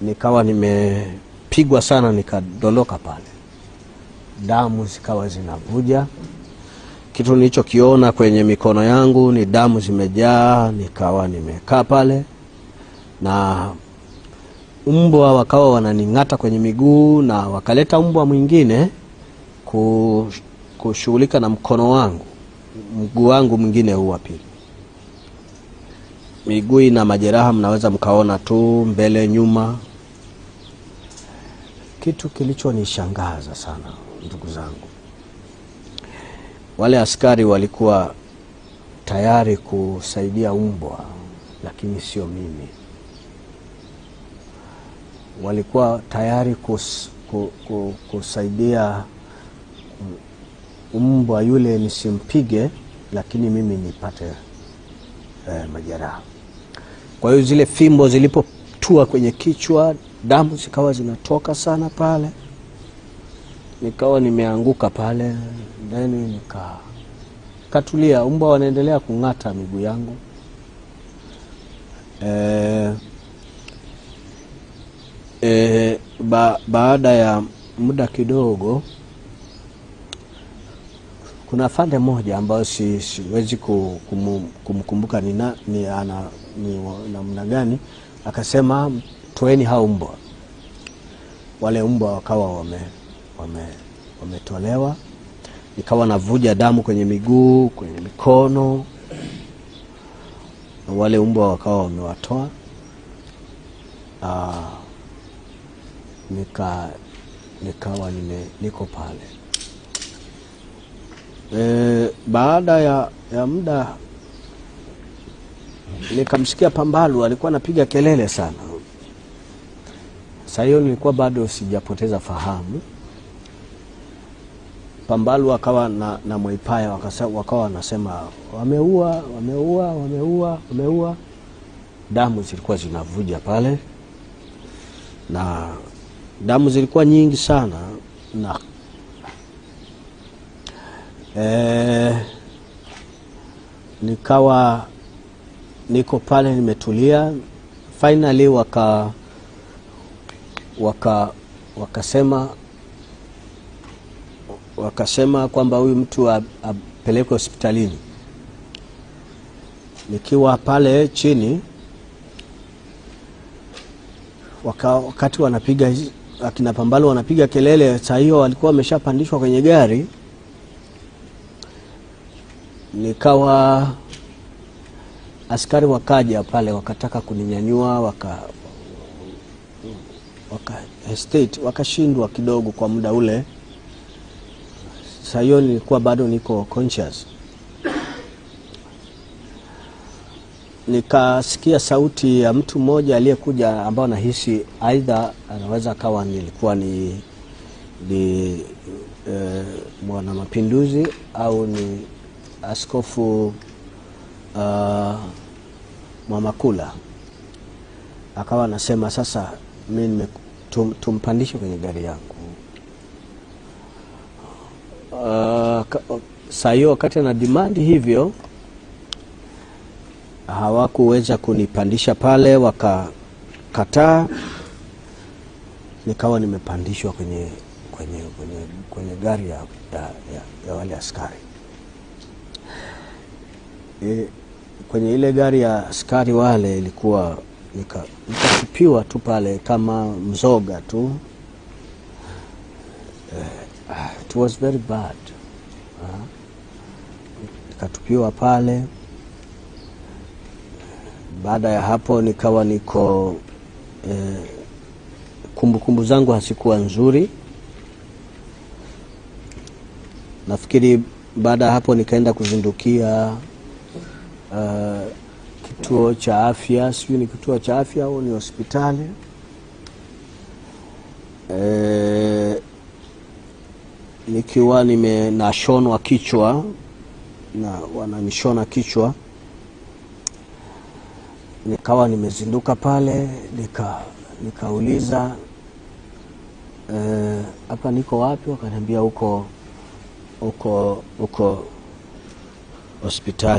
nikawa nimepigwa sana, nikadondoka pale, damu zikawa zinavuja. Kitu nilichokiona kwenye mikono yangu ni damu zimejaa. Nikawa nimekaa pale na mbwa wakawa wananing'ata kwenye miguu, na wakaleta mbwa mwingine kushughulika na mkono wangu, mguu wangu mwingine huu wa pili. Miguu ina majeraha, mnaweza mkaona tu mbele, nyuma. Kitu kilichonishangaza sana ndugu zangu, wale askari walikuwa tayari kusaidia mbwa, lakini sio mimi. Walikuwa tayari kus, ku, ku, kusaidia mbwa yule nisimpige, lakini mimi nipate eh, majeraha. Kwa hiyo zile fimbo zilipotua kwenye kichwa damu zikawa zinatoka sana pale, nikawa nimeanguka pale, then nika katulia, umbwa wanaendelea kung'ata miguu yangu e, e, ba, baada ya muda kidogo kuna fande moja ambayo si, siwezi kumkumbuka ni namna gani, akasema toeni hao mbwa. Wale mbwa wakawa wame, wame, wametolewa, nikawa navuja damu kwenye miguu, kwenye mikono, na wale mbwa wakawa wamewatoa. Aa, nika nikawa nime, niko pale e, baada ya, ya muda nikamsikia Pambalu alikuwa anapiga kelele sana Saa hiyo nilikuwa bado sijapoteza fahamu. Pambalu akawa na, na Mwaipaya wakawa wanasema wameua, wameua, wameua, wameua. Damu zilikuwa zinavuja pale na damu zilikuwa nyingi sana na e, nikawa niko pale nimetulia. Finally waka waka wakasema wakasema kwamba huyu mtu apelekwe hospitalini. Nikiwa pale chini waka, wakati wanapiga akina Pambalo wanapiga kelele, saa hiyo walikuwa wameshapandishwa kwenye gari, nikawa askari wakaja pale wakataka kuninyanyua waka waka, estate eh, wakashindwa kidogo kwa muda ule. Saa hiyo nilikuwa bado niko conscious, nikasikia sauti ya mtu mmoja aliyekuja ambao nahisi aidha anaweza akawa nilikuwa ni, ni e, mwana mapinduzi au ni askofu uh, Mwamakula akawa anasema sasa mimi tum, tumpandishe kwenye gari yangu. Uh, saa hiyo wakati ana dimandi hivyo hawakuweza kunipandisha pale, wakakataa, nikawa nimepandishwa kwenye, kwenye, kwenye, kwenye gari ya, ya, ya, ya wale askari e, kwenye ile gari ya askari wale ilikuwa ikasipiwa tu pale kama mzoga tu. Eh, it was very bad ah, ikatupiwa pale. Baada ya hapo nikawa niko eh, kumbukumbu zangu hazikuwa nzuri. Nafikiri baada ya hapo nikaenda kuzindukia uh, kituo cha afya, sijui ni kituo cha afya au ni hospitali e, nikiwa nimenashonwa kichwa na wananishona kichwa, nikawa nimezinduka pale, nika nikauliza eh, hapa e, niko wapi? Wakaniambia huko huko huko hospitali.